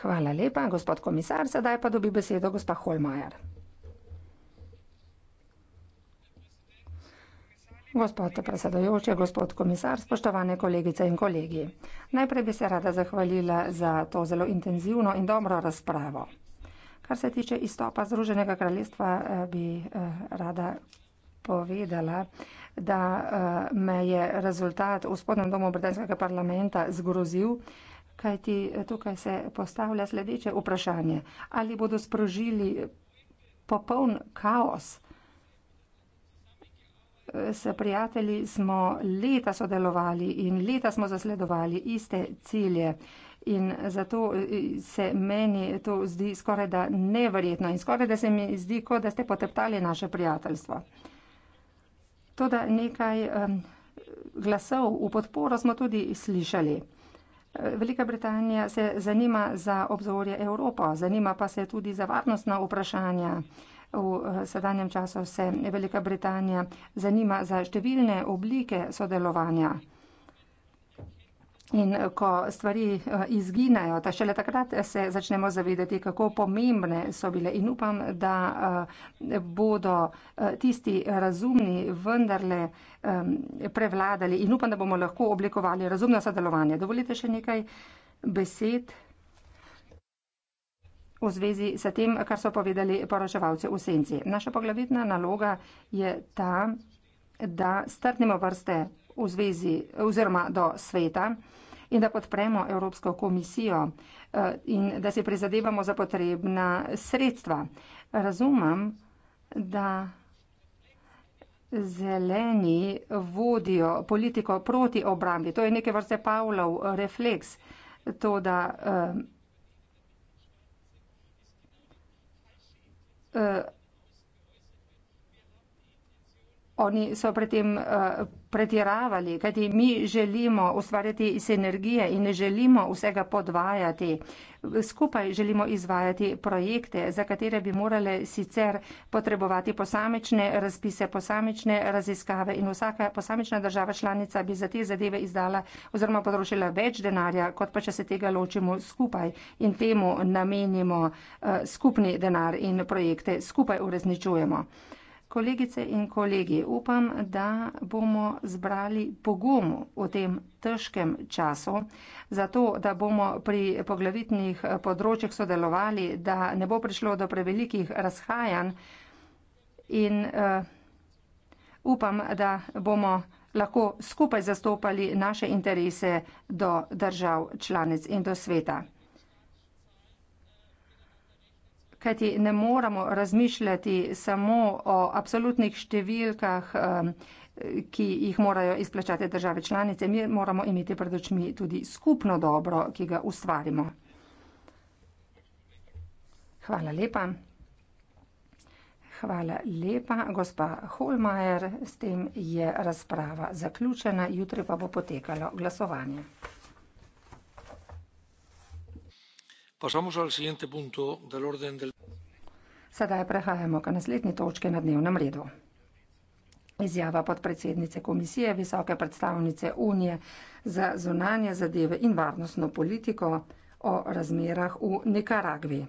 Speaker 4: Hvala lepa, gospod komisar, sedaj pa dobi besedo gospa Holmajer. Gospod predsedujoči, gospod komisar, spoštovane kolegice in kolegi. Najprej bi se rada zahvalila za to zelo intenzivno in dobro razpravo. Kar se tiče izstopa Združenega kraljestva, eh, bi eh, rada povedala, da eh, me je rezultat v spodnjem domu britanskega parlamenta zgrozil, kajti tukaj se postavlja sledeče vprašanje. Ali bodo sprožili popoln kaos? S prijatelji smo leta sodelovali in leta smo zasledovali iste cilje. In zato e, e, se meni to zdi skoraj da neverjetno in skoraj da se mi zdi, kot da ste poteptali naše prijateljstvo. Toda nekaj um, glasov v podporo smo tudi slišali. E, Velika Britanija se zanima za obzorje Evropo, zanima pa se tudi za varnostna vprašanja. V sedanjem času se Velika Britanija zanima za številne oblike sodelovanja. In eh, ko stvari eh, izginajo, ta šele takrat se začnemo zavedati, kako pomembne so bile. In upam, da eh, bodo tisti razumni vendarle prevladali in upam, da bomo lahko oblikovali razumno sodelovanje. Dovolite še nekaj besed v zvezi s tem, kar so povedali poročevalci v senci. Naša poglavitna naloga je ta, da strnimo vrste v zvezi oziroma do sveta in da podpremo Evropsko komisijo eh, in da si prizadevamo za potrebna sredstva. Razumem, da zeleni vodijo politiko proti obrambi. To je neke vrste Pavlov refleks. To, da uh, uh, oni so pri tem uh, pretiravali, kajti mi želimo ustvarjati sinergije in ne želimo vsega podvajati. Skupaj želimo izvajati projekte, za katere bi morale sicer potrebovati posamične razpise, posamične raziskave in vsaka posamična država članica bi za te zadeve izdala oziroma potrošila več denarja, kot pa če se tega ločimo skupaj in temu namenimo eh, skupni denar in projekte skupaj uresničujemo. Kolegice in kolegi, upam, da bomo zbrali pogum v tem težkem času, zato da bomo pri poglavitnih področjih sodelovali, da ne bo prišlo do prevelikih razhajanj in uh, upam, da bomo lahko skupaj zastopali naše interese do držav članic in do sveta kajti ne moramo razmišljati samo o absolutnih številkah, um, ki jih morajo izplačati države članice. Mi moramo imeti pred očmi tudi skupno dobro, ki ga ustvarimo. Hvala lepa. Hvala lepa, gospa Holmajer. S tem je razprava zaključena, jutri pa bo potekalo glasovanje. Sedaj prehajamo k naslednji točki na dnevnem redu. Izjava podpredsednice komisije, visoke predstavnice Unije za zunanje zadeve in varnostno politiko o razmerah v Nikaragvi.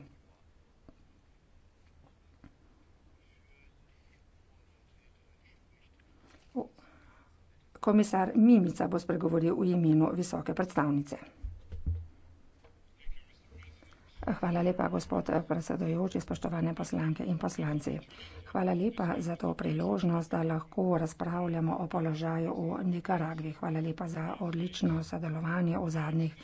Speaker 4: Komisar Mimica bo spregovoril v imenu visoke predstavnice. Hvala lepa, gospod predsedujoči, spoštovane poslanke in poslanci. Hvala lepa za to priložnost, da lahko razpravljamo o položaju v Nikaragvi. Hvala lepa za odlično sodelovanje v zadnjih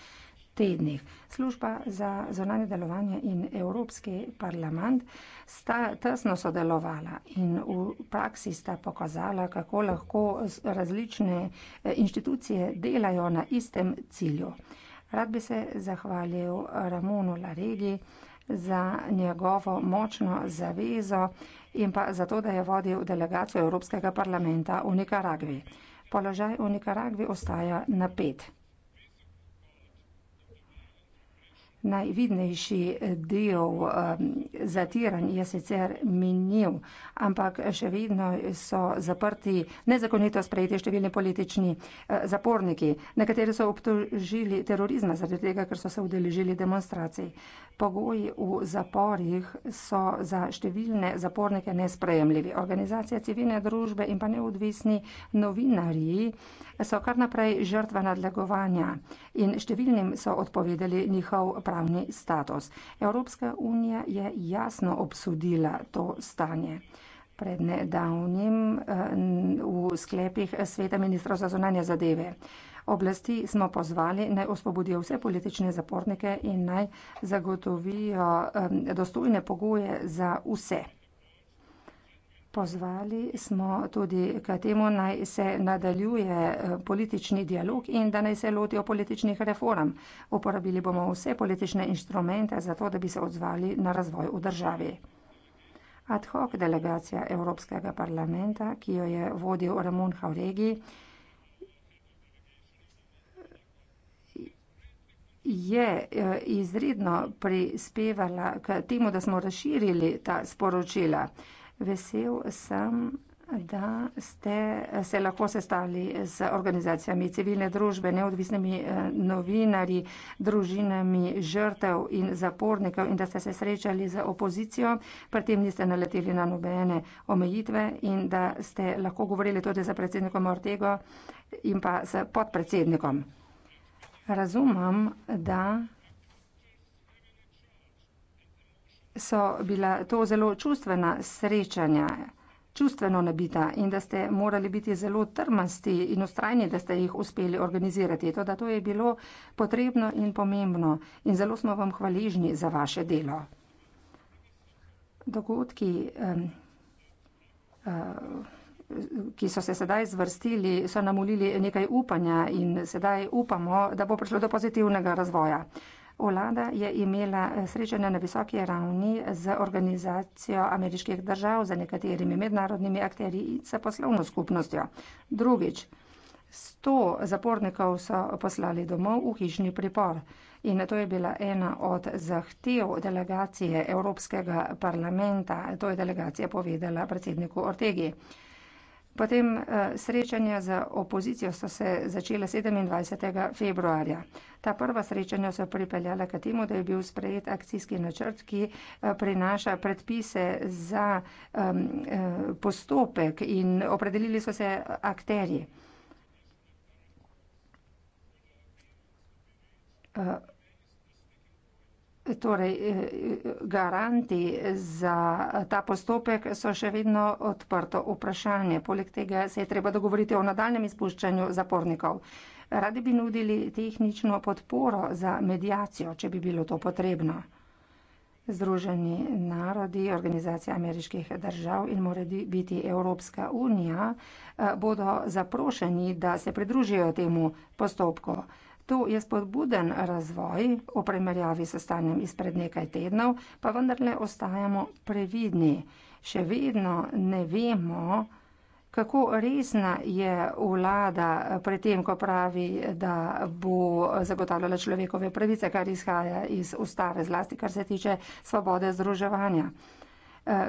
Speaker 4: tednih. Služba za zonanje delovanje in Evropski parlament sta tesno sodelovala in v praksi sta pokazala, kako lahko različne eh, inštitucije delajo na istem cilju. Rad bi se zahvalil Ramonu Laregi za njegovo močno zavezo in pa za to, da je vodil delegacijo Evropskega parlamenta v Nikaragvi. Položaj v Nikaragvi ostaja napet. Najvidnejši del um, zatiranj je sicer minil, ampak še vedno so zaprti nezakonito sprejeti številni politični eh, zaporniki. Nekateri so obtožili terorizma zaradi tega, ker so se udeležili demonstracij. Pogoji v zaporih so za številne zapornike nesprejemljivi. Organizacije civilne družbe in pa neodvisni novinariji so kar naprej žrtva nadlegovanja in številnim so odpovedali njihov pravni status. Evropska unija je jasno obsodila to stanje. Pred nedavnim eh, v sklepih sveta ministra za zunanje zadeve. Oblasti smo pozvali, naj osvobodijo vse politične zapornike in naj zagotovijo dostojne pogoje za vse. Pozvali smo tudi k temu, naj se nadaljuje politični dialog in da naj se lotijo političnih reform. Uporabili bomo vse politične inštrumente za to, da bi se odzvali na razvoj v državi. Ad hoc delegacija Evropskega parlamenta, ki jo je vodil Ramon Hauregi, je eh, izredno prispevala k temu, da smo razširili ta sporočila. Vesel sem, da ste eh, se lahko sestali z organizacijami civilne družbe, neodvisnimi eh, novinarji, družinami žrtev in zapornikov in da ste se srečali z opozicijo, pri tem niste naleteli na nobene omejitve in da ste lahko govorili tudi za predsednikom Ortego in pa s podpredsednikom. Razumem, da so bila to zelo čustvena srečanja, čustveno nabita in da ste morali biti zelo trmasti in ustrajni, da ste jih uspeli organizirati. To, da to je bilo potrebno in pomembno in zelo smo vam hvaležni za vaše delo. Dogodki um, uh, ki so se sedaj zvrstili, so nam ulili nekaj upanja in sedaj upamo, da bo prišlo do pozitivnega razvoja. Olada je imela srečanje na visoki ravni z organizacijo ameriških držav za nekaterimi mednarodnimi akteri in za poslovno skupnostjo. Drugič, 100 zapornikov so poslali domov v hišni pripor in to je bila ena od zahtev delegacije Evropskega parlamenta, to je delegacija povedala predsedniku Ortegi. Potem eh, srečanja z opozicijo so se začele 27. februarja. Ta prva srečanja so pripeljala k temu, da je bil sprejet akcijski načrt, ki eh, prinaša predpise za um, postopek in opredelili so se akterji. Uh, Torej, eh, garanti za ta postopek so še vedno odprto vprašanje. Poleg tega se je treba dogovoriti o nadaljem izpuščanju zapornikov. Radi bi nudili tehnično podporo za medijacijo, če bi bilo to potrebno. Združeni narodi, organizacija ameriških držav in mora biti Evropska unija eh, bodo zaprošeni, da se pridružijo temu postopku. To je spodbuden razvoj v primerjavi s stanjem izpred nekaj tednov, pa vendarle ostajamo previdni. Še vedno ne vemo, kako resna je vlada pri tem, ko pravi, da bo zagotavljala človekove pravice, kar izhaja iz ustave, zlasti kar se tiče svobode združevanja.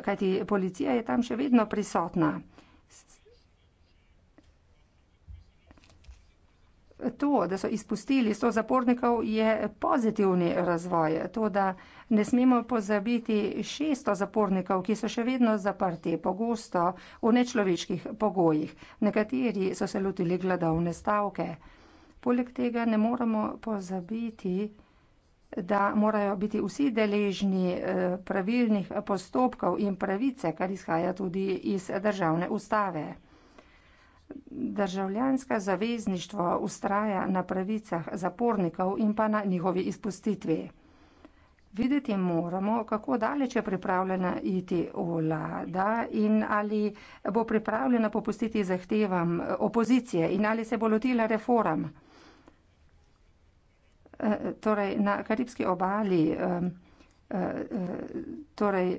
Speaker 4: Kajti policija je tam še vedno prisotna. to, da so izpustili 100 zapornikov, je pozitivni razvoj. To, da ne smemo pozabiti 600 zapornikov, ki so še vedno zaprti, pogosto v nečloveških pogojih. Nekateri so se lotili gladovne stavke. Poleg tega ne moramo pozabiti, da morajo biti vsi deležni eh, pravilnih postopkov in pravice, kar izhaja tudi iz državne ustave. Državljansko zavezništvo ustraja na pravicah zapornikov in pa na njihovi izpustitvi. Videti moramo, kako daleč je pripravljena iti vlada in ali bo pripravljena popustiti zahtevam opozicije in ali se bo lotila reform. E, torej, na karibski obali, e, e, torej,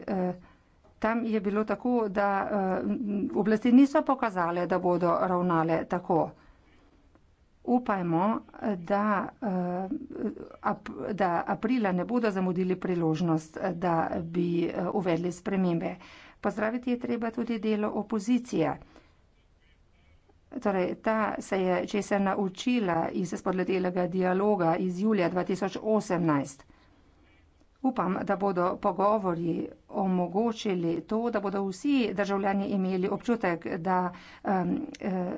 Speaker 4: Tam je bilo tako, da eh, oblasti niso pokazale, da bodo ravnale tako. Upajmo, da, eh, da aprila ne bodo zamudili priložnost, da bi eh, uvedli spremembe. Pozdraviti je treba tudi delo opozicije. Torej, ta se je, če se je naučila iz spodletelega dialoga iz julija 2018. Upam, da bodo pogovori omogočili to, da bodo vsi državljani imeli občutek, da um, eh,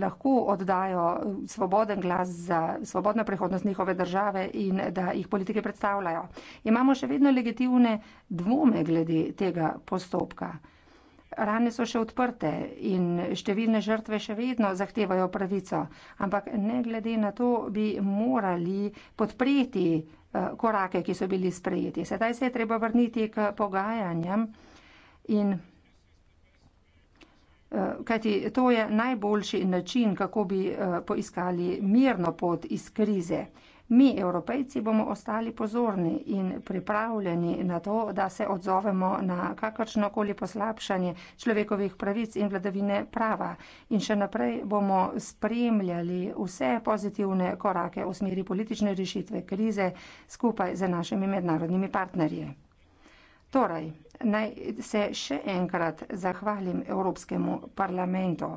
Speaker 4: lahko oddajo svoboden glas za svobodno prihodnost njihove države in da jih politike predstavljajo. Imamo še vedno legitimne dvome glede tega postopka rane so še odprte in številne žrtve še vedno zahtevajo pravico, ampak ne glede na to bi morali podpreti eh, korake, ki so bili sprejeti. Sedaj se je treba vrniti k pogajanjem in eh, kajti to je najboljši način, kako bi eh, poiskali mirno pot iz krize. Mi, evropejci, bomo ostali pozorni in pripravljeni na to, da se odzovemo na kakršnokoli poslabšanje človekovih pravic in vladavine prava in še naprej bomo spremljali vse pozitivne korake v smeri politične rešitve krize skupaj z našimi mednarodnimi partnerji. Torej, naj se še enkrat zahvalim Evropskemu parlamentu.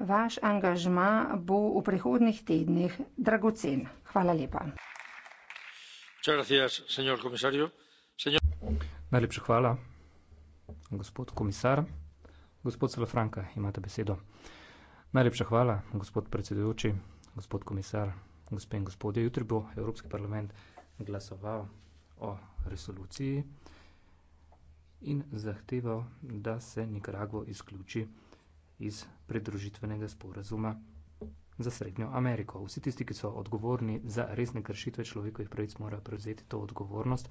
Speaker 4: Vaš angažma bo v prihodnih tednih dragocen. Hvala
Speaker 3: lepa. Najlepša hvala, gospod komisar. Gospod Salafranka, imate besedo. Najlepša hvala, gospod predsedujoči, gospod komisar, gospe in gospode. Jutri bo Evropski parlament glasoval o resoluciji in zahteval, da se Nikaragvo izključi iz predružitvenega sporazuma za Srednjo Ameriko. Vsi tisti, ki so odgovorni za resne kršitve človekovih pravic, morajo prevzeti to odgovornost.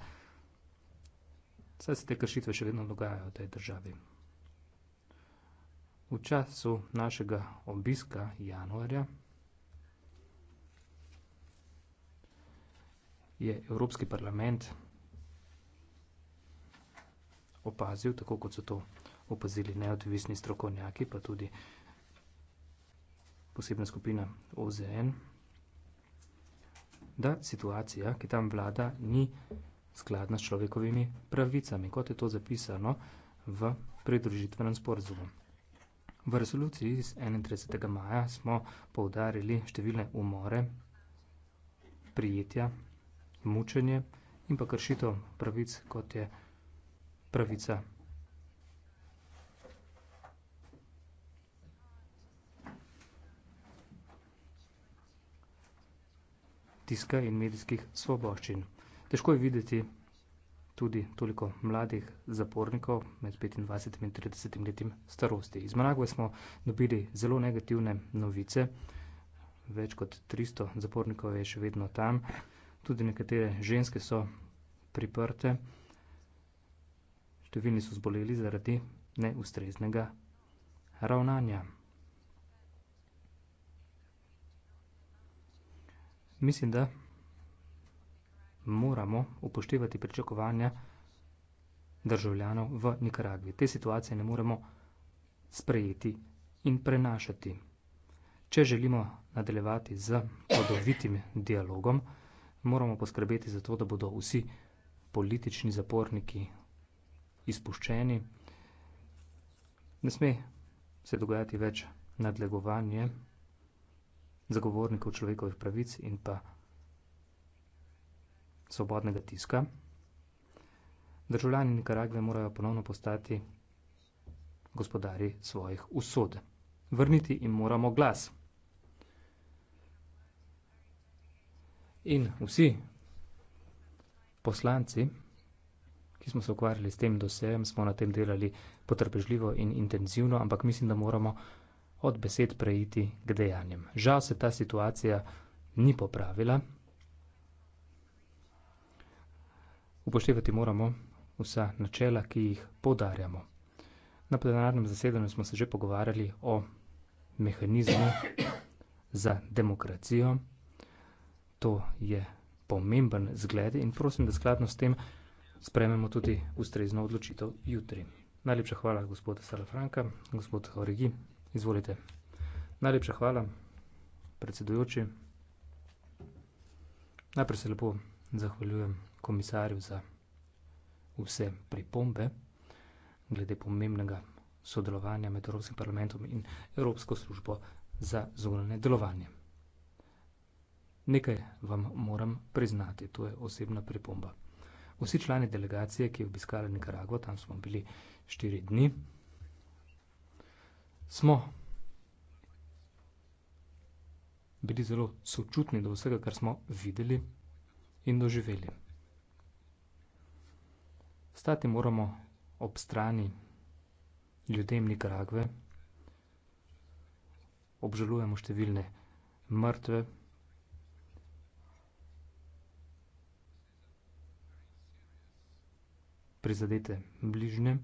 Speaker 3: Saj se te kršitve še vedno dogajajo v tej državi. V času našega obiska januarja je Evropski parlament opazil, tako kot so to opazili neodvisni strokovnjaki, pa tudi posebna skupina OZN, da situacija, ki tam vlada, ni skladna s človekovimi pravicami, kot je to zapisano v pridružitvenem sporazumu. V resoluciji z 31. maja smo poudarili številne umore, prijetja, mučenje in pa kršitev pravic, kot je pravica tiska in medijskih svoboščin. Težko je videti tudi toliko mladih zapornikov med 25 in 30 letim starosti. Iz Managve smo dobili zelo negativne novice, več kot 300 zapornikov je še vedno tam, tudi nekatere ženske so priprte, številni so zboleli zaradi neustreznega ravnanja. Mislim, da moramo upoštevati pričakovanja državljanov v Nikaragvi. Te situacije ne moremo sprejeti in prenašati. Če želimo nadaljevati z podovitim dialogom, moramo poskrbeti za to, da bodo vsi politični zaporniki izpuščeni. Ne sme se dogajati več nadlegovanje zagovornikov človekovih pravic in pa svobodnega tiska. Državljani Nikaragve morajo ponovno postati gospodari svojih usod. Vrniti jim moramo glas. In vsi poslanci, ki smo se ukvarjali s tem dosejem, smo na tem delali potrpežljivo in intenzivno, ampak mislim, da moramo od besed preiti k dejanjem. Žal se ta situacija ni popravila. Upoštevati moramo vsa načela, ki jih podarjamo. Na plenarnem zasedanju smo se že pogovarjali o mehanizmu za demokracijo. To je pomemben zgled in prosim, da skladno s tem sprememo tudi ustrezno odločitev jutri. Najlepša hvala gospod Salafranka, gospod Origi. Izvolite. Najlepša hvala, predsedujoči. Najprej se lepo zahvaljujem komisarju za vse pripombe glede pomembnega sodelovanja med Evropskim parlamentom in Evropsko službo za zunanje delovanje. Nekaj vam moram priznati, to je osebna pripomba. Vsi člani delegacije, ki je obiskala Nikaragvo, tam smo bili štiri dni, smo bili zelo sočutni do vsega, kar smo videli in doživeli. Stati moramo ob strani ljudem Nikaragve, obžalujemo številne mrtve, prizadete bližnje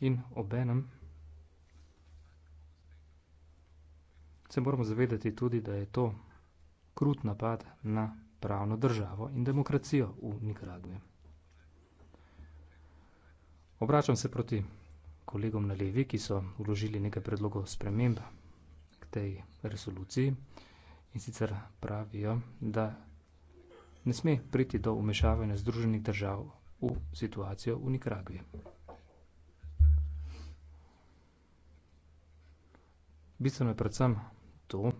Speaker 3: in obenem se moramo zavedati tudi, da je to krut napad na pravno državo in demokracijo v Nikaragvi. Obračam se proti kolegom na levi, ki so vložili nekaj predlogov sprememb k tej resoluciji in sicer pravijo, da ne sme priti do umešavanja združenih držav v situacijo v Nikaragvi. Bistveno je predvsem to,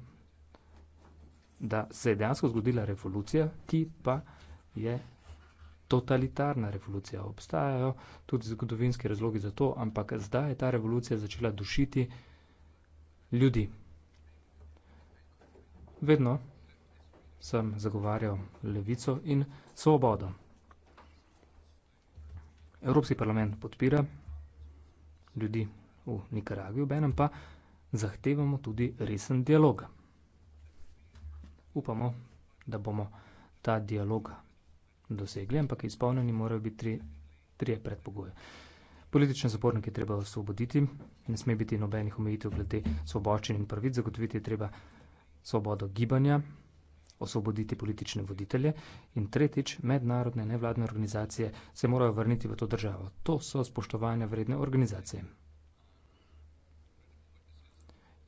Speaker 3: da se je dejansko zgodila revolucija, ki pa je totalitarna revolucija. Obstajajo tudi zgodovinski razlogi za to, ampak zdaj je ta revolucija začela dušiti ljudi. Vedno sem zagovarjal levico in svobodo. Evropski parlament podpira ljudi v Nikaragvi, obenem pa zahtevamo tudi resen dialog. Upamo, da bomo ta dialog dosegli, ampak izpolnjeni morajo biti tri, tri predpogoje. Politične zapornike treba osvoboditi, ne sme biti nobenih omejitev glede svoboščin in pravic, zagotoviti je treba svobodo gibanja, osvoboditi politične voditelje in tretjič, mednarodne nevladne organizacije se morajo vrniti v to državo. To so spoštovanja vredne organizacije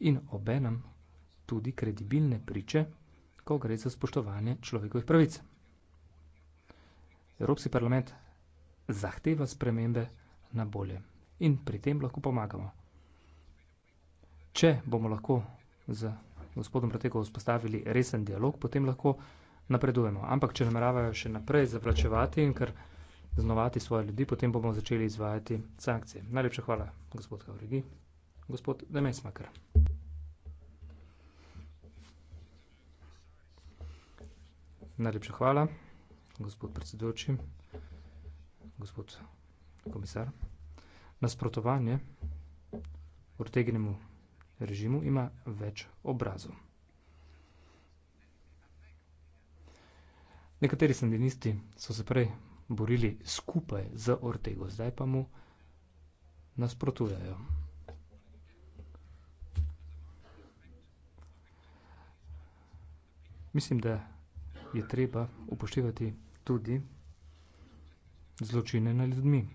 Speaker 3: in obenem tudi kredibilne priče, ko gre za spoštovanje človekovih pravic. Evropski parlament zahteva spremembe na bolje in pri tem lahko pomagamo. Če bomo lahko z gospodom Protekov vzpostavili resen dialog, potem lahko napredujemo. Ampak, če nameravajo še naprej zaplačevati in kar znovati svoje ljudi, potem bomo začeli izvajati sankcije. Najlepša hvala, gospod Kavrigi. Gospod Demesmaker. Najlepša hvala, gospod predsedujoči, gospod komisar. Nasprotovanje urtegnemu režimu ima več obrazov. Nekateri sandinisti so se prej borili skupaj z Ortego, zdaj pa mu nasprotujejo. Mislim, da je treba upoštevati tudi zločine na ljudmi.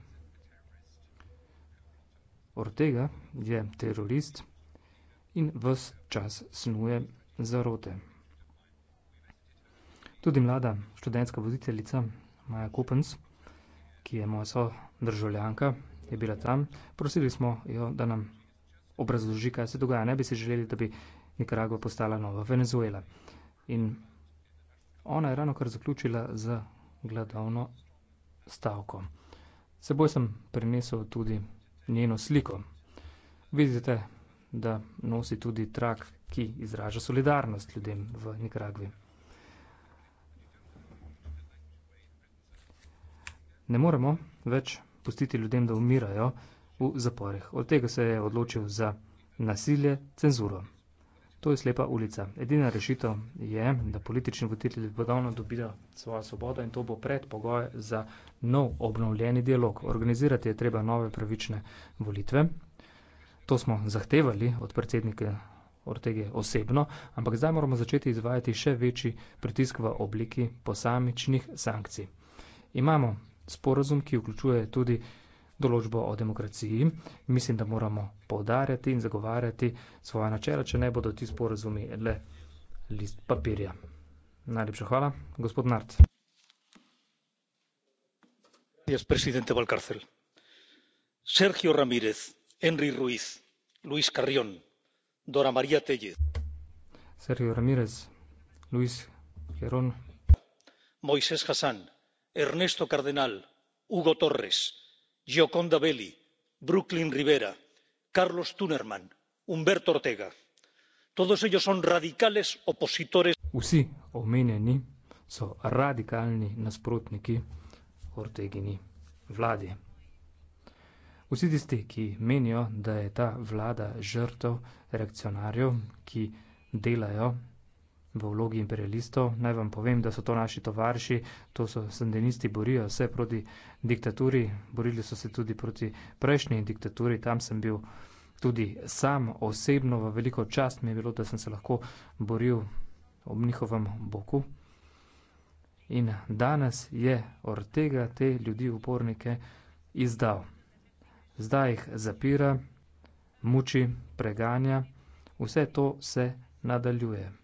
Speaker 3: Ortega je terorist in vse čas snuje zarote. Tudi mlada študentska voditeljica Maja Kupens, ki je moja sodržavljanka, je bila tam. Prosili smo jo, da nam obrazloži, kaj se dogaja. Ne bi si želeli, da bi Nikaragva postala nova Venezuela. In Ona je ravno kar zaključila z gladovno stavko. Seboj sem prinesel tudi njeno sliko. Vidite, da nosi tudi trak, ki izraža solidarnost ljudem v Nikragvi. Ne moremo več pustiti ljudem, da umirajo v zaporih. Od tega se je odločil za nasilje, cenzuro. To je slepa ulica. Edina rešitev je, da politični voditelji ponovno dobijo svojo svobodo in to bo predpogoj za nov obnovljeni dialog. Organizirati je treba nove pravične volitve. To smo zahtevali od predsednika Ortege osebno, ampak zdaj moramo začeti izvajati še večji pritisk v obliki posamičnih sankcij. Imamo sporazum, ki vključuje tudi določbo o demokraciji. Mislim, da moramo povdarjati in zagovarjati svoje načela, če ne bodo ti sporazumi le list papirja. Najlepša hvala, gospod Nart. Jaz, predsednik Valkarcel. Sergio Ramirez, Henry Ruiz, Luis Carrion, Dora Maria Tellez. Sergio Ramirez, Luis Carrion. Moisés Hassan, Ernesto Cardenal, Hugo Torres gioconda belli brooklyn rivera carlos tunerman humberto ortega todos ellos son radicales opositores. vsi omenjeni so radikalni nasprotniki ortegini vladi. Vsi tisti, ki menijo, da je ta vlada žrtev reakcionarjev, ki delajo v vlogi imperialistov. Naj vam povem, da so to naši tovarši, to so sandinisti, borijo se proti diktaturi, borili so se tudi proti prejšnji diktaturi, tam sem bil tudi sam osebno, v veliko čast mi je bilo, da sem se lahko boril ob njihovem boku. In danes je Ortega te ljudi upornike izdal. Zdaj jih zapira, muči, preganja, vse to se nadaljuje.